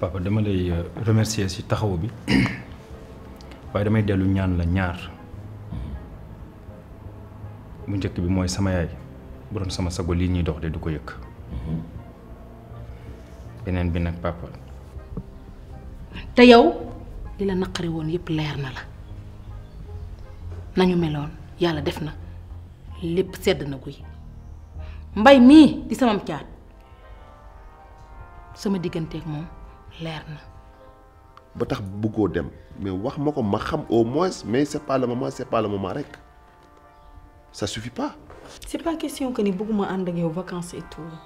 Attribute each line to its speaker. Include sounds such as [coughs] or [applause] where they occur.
Speaker 1: papa dama lay euh, remercier ci taxaw bi [coughs] waaye damay dellu ñaan la ñaar bu njëkk bi mooy sama yaay bu doon sama sago lii ñuy dox de du ko yëkk beneen bi nag papa
Speaker 2: te yow li la naqari woon yépp leer na la nañu meloon yàlla def na lépp sedd na guy mbay mii di samam caat sama digganteeg moom leer na.
Speaker 3: ba tax bëggoo dem mais wax ma ko ma xam au moins mais c'est pas le moment c'est pas le moment rek ça suffit pas.
Speaker 2: c'est pas question ni bëgguma ànd ak yow vacances et tout.